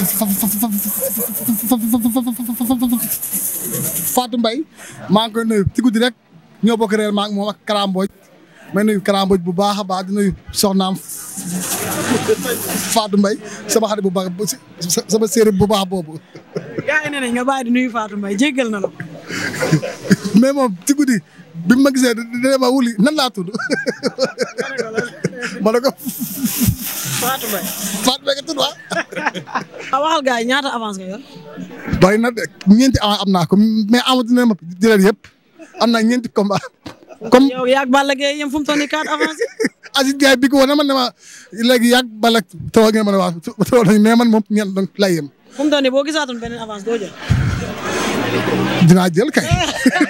Fatou mbay maa ngi koy nuyu ci guddi rek ñoo bokk maa ngi moom ak Karamboj may nuyu Karamboj bu baax a baax di nuyu soxnaam Fatou Mbaye sama xarit bu baax sama séeréer bu baax boobu. yaa di nuyu Fatou Mbaye jéggal na la. moom ci guddi bi ma gisee dina ma wuli nan laa tudd. ma ne ko Fatou Mbaye Fatou Mbaye nga tudd waaw ah, waxal gars yi ñaata avance nga yor. bari na ñeenti avance am naa ko mais amatu na ma jëlal yëpp am naa ñeenti combat. comme yow yaag Balla Gaye yem fu mu toll nii quatre avance. Aziz Ndiaye bi ko wane man ne ma léegi yaag Balla taw ngeen mën a wax taw man moom ñeent donc lay yem. fu mu toll boo gisaatoon beneen avance doo jël. dinaa kay.